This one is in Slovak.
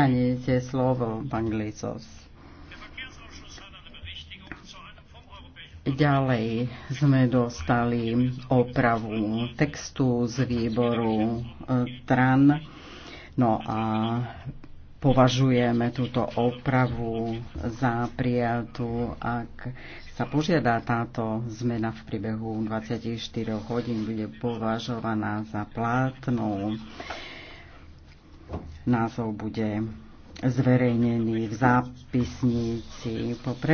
dostanete slovo, pán Glicos. Ďalej sme dostali opravu textu z výboru e, TRAN. No a považujeme túto opravu za prijatú, ak sa požiada táto zmena v priebehu 24 hodín, bude považovaná za plátnou názov bude zverejnený v zápisnici po